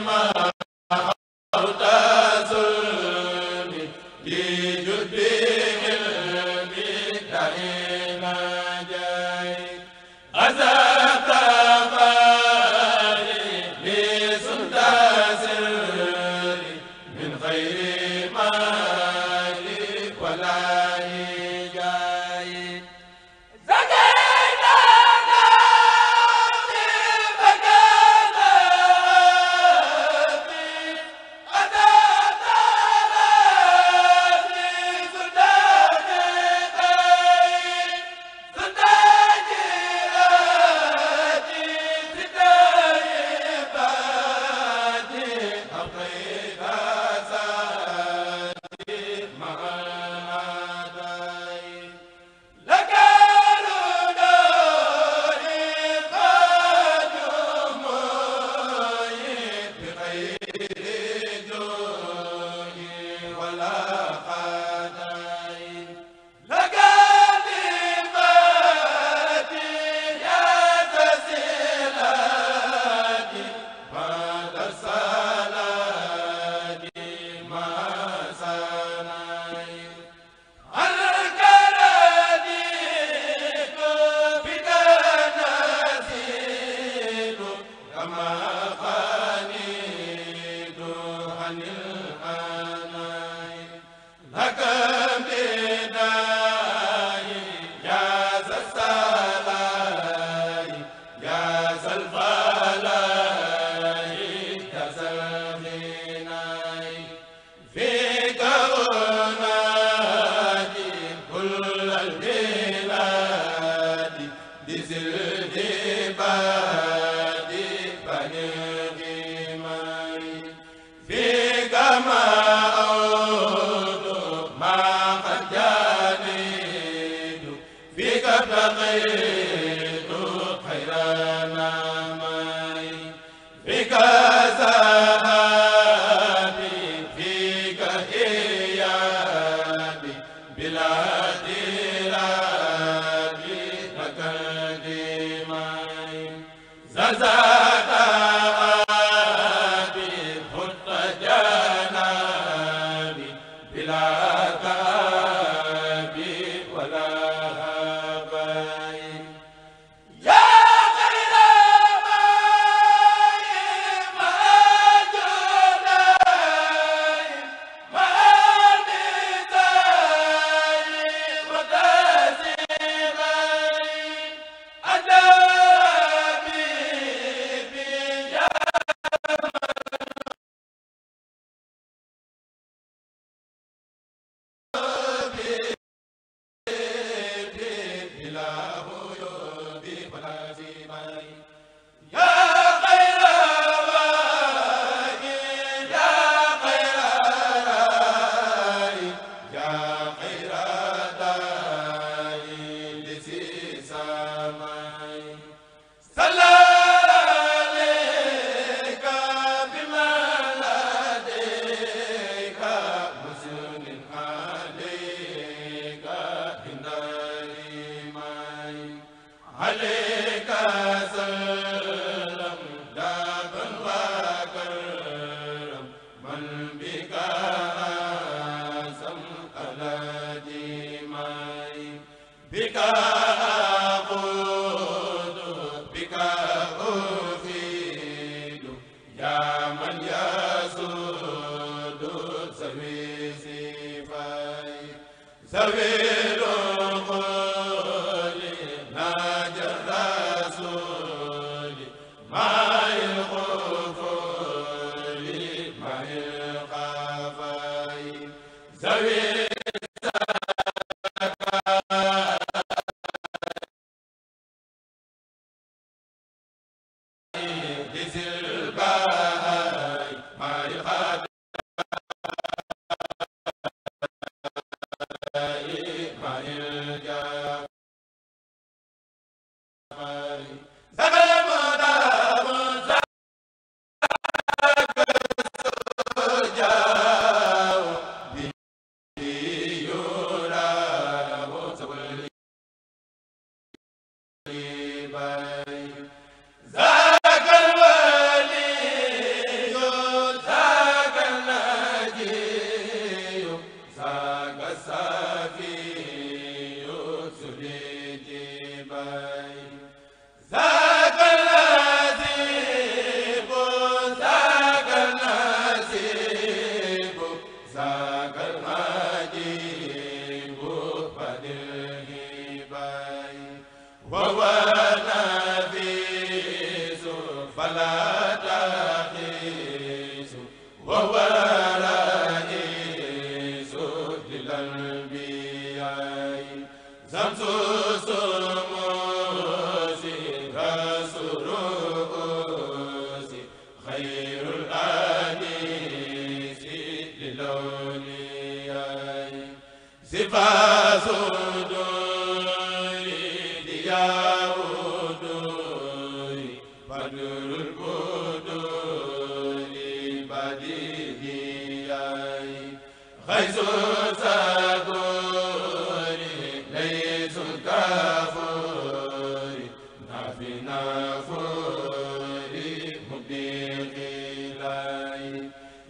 ma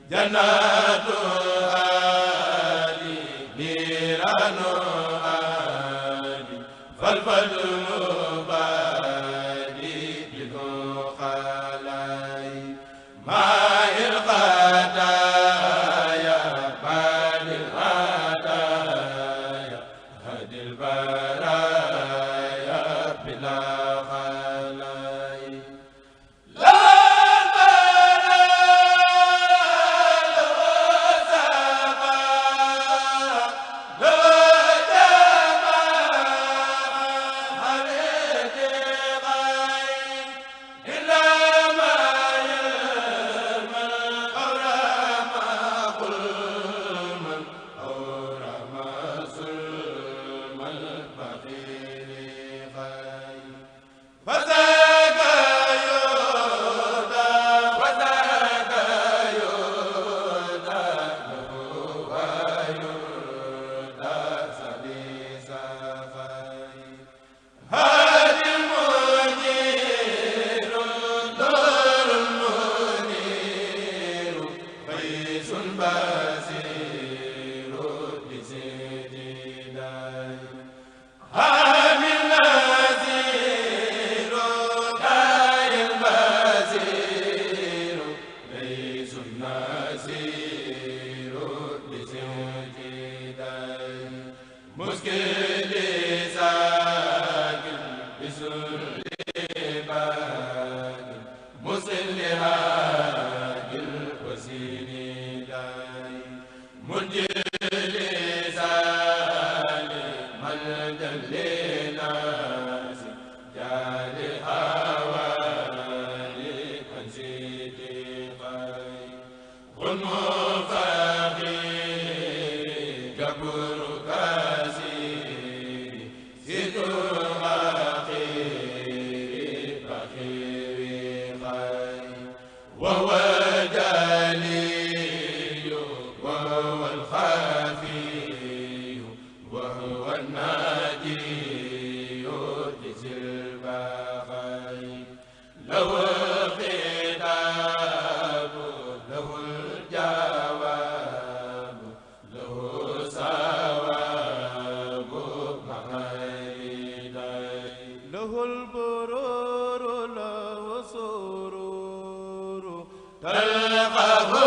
janna له البرور له سرور تلقه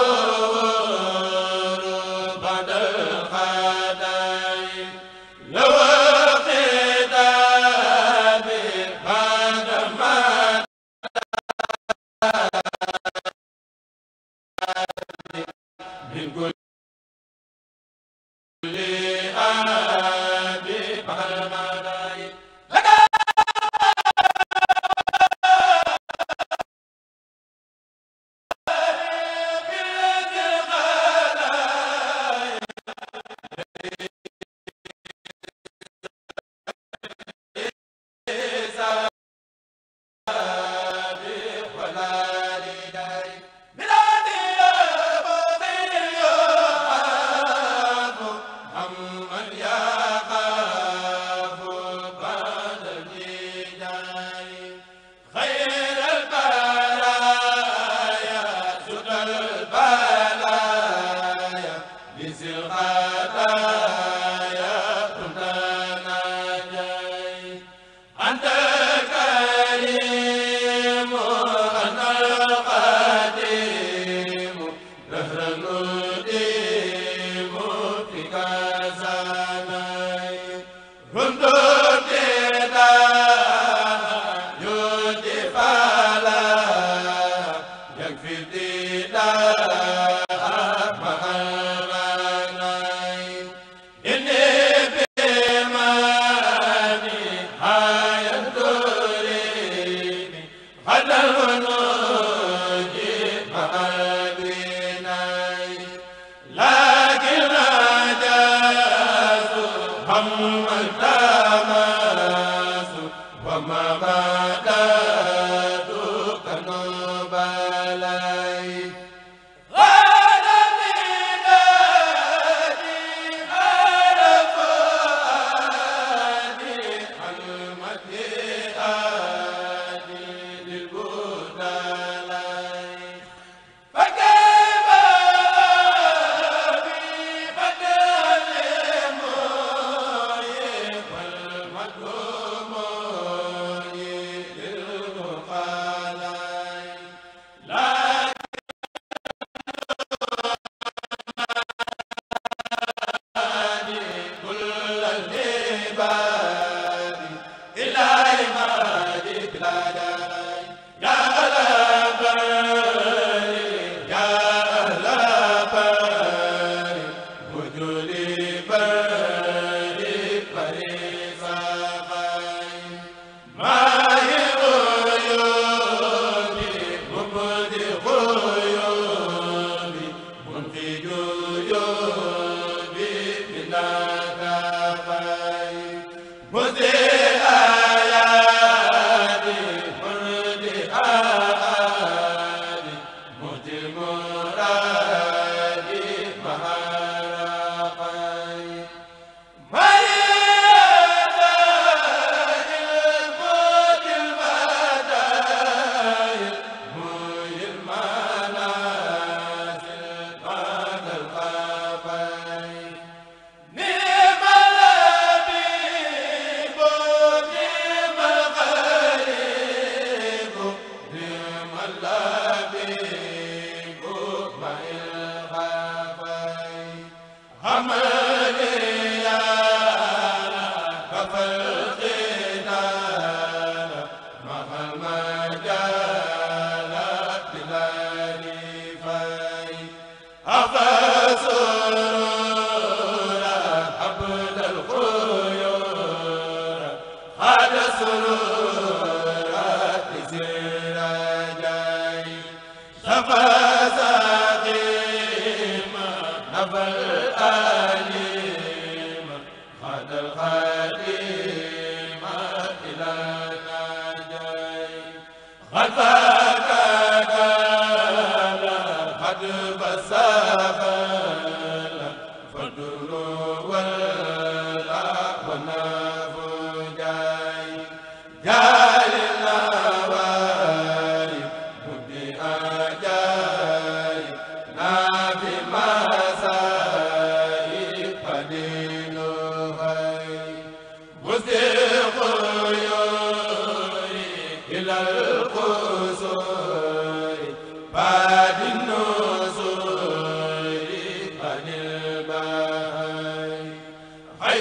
Abdul Khadir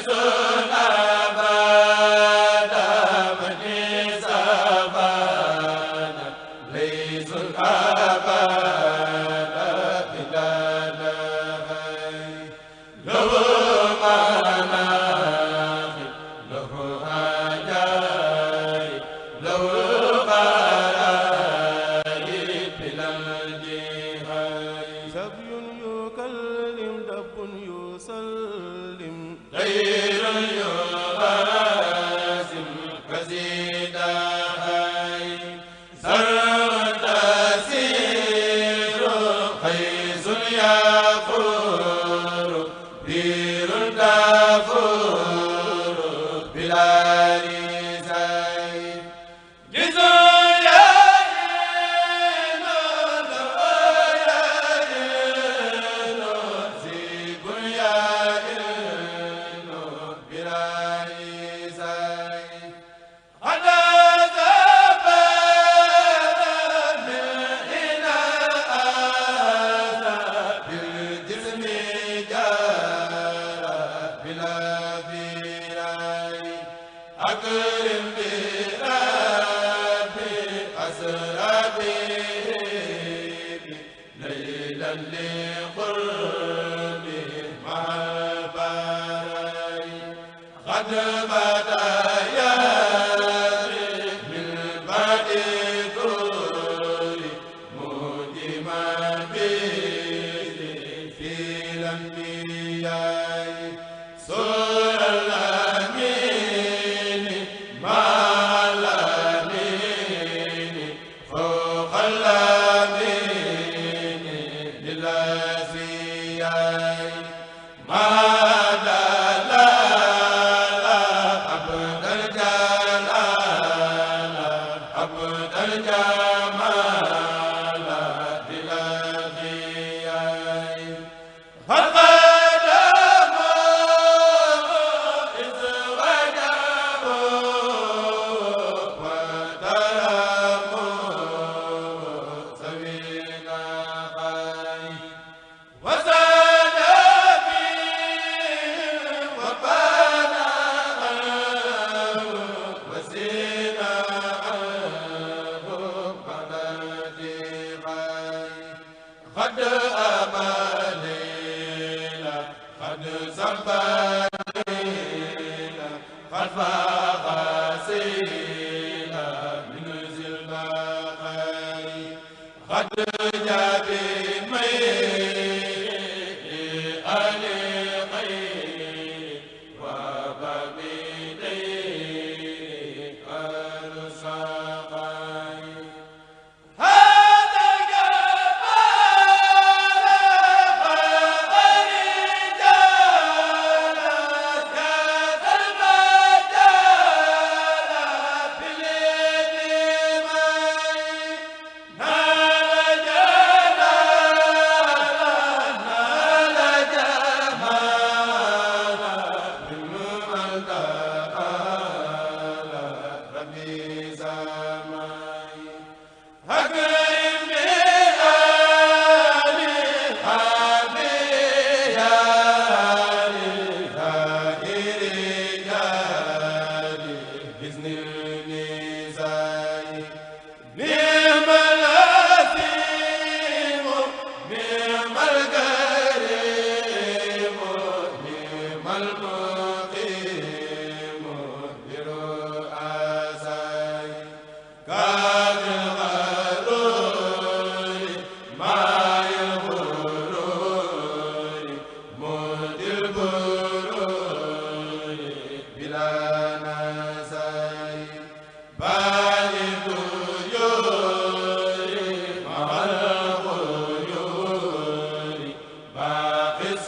Kaiser fa Adama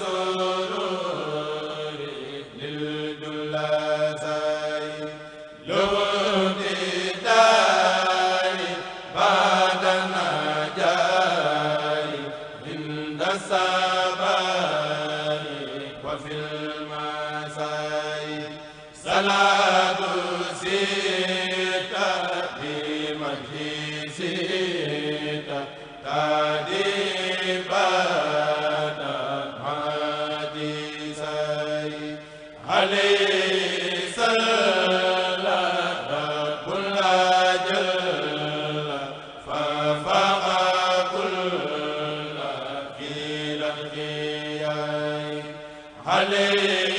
so عليه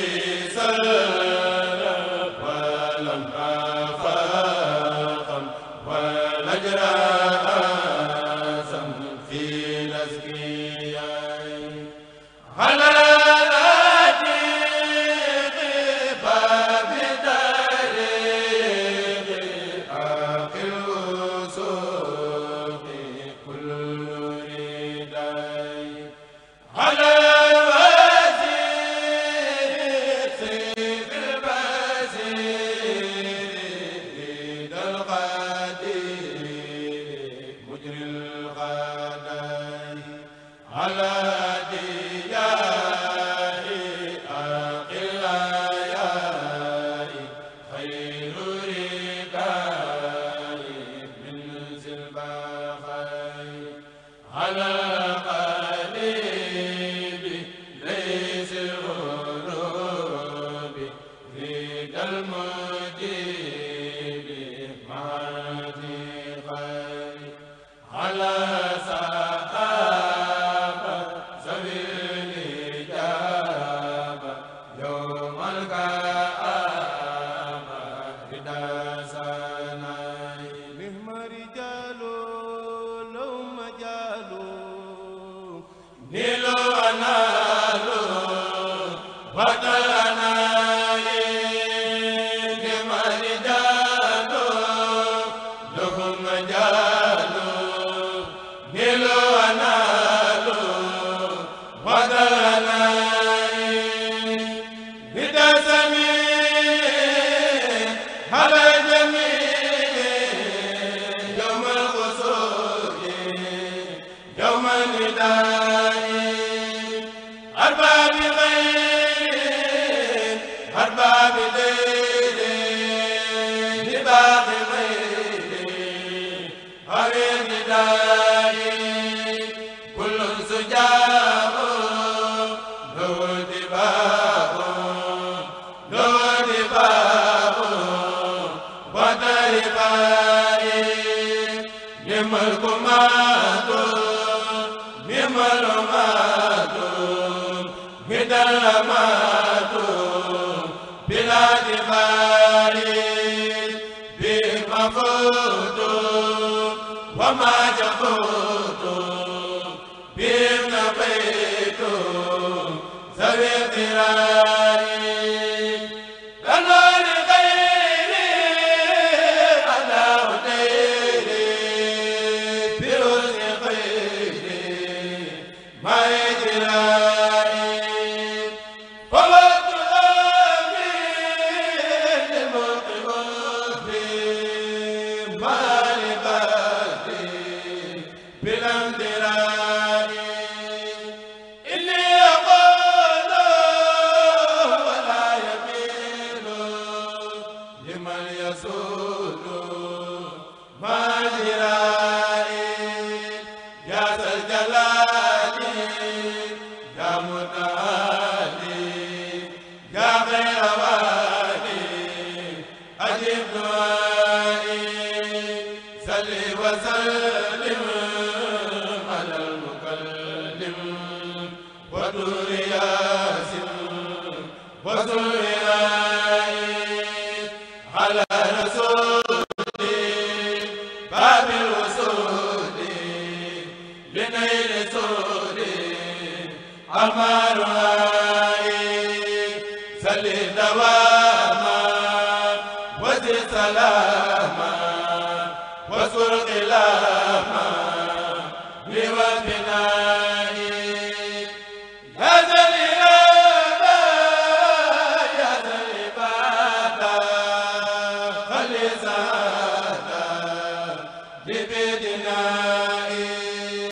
may ala rasul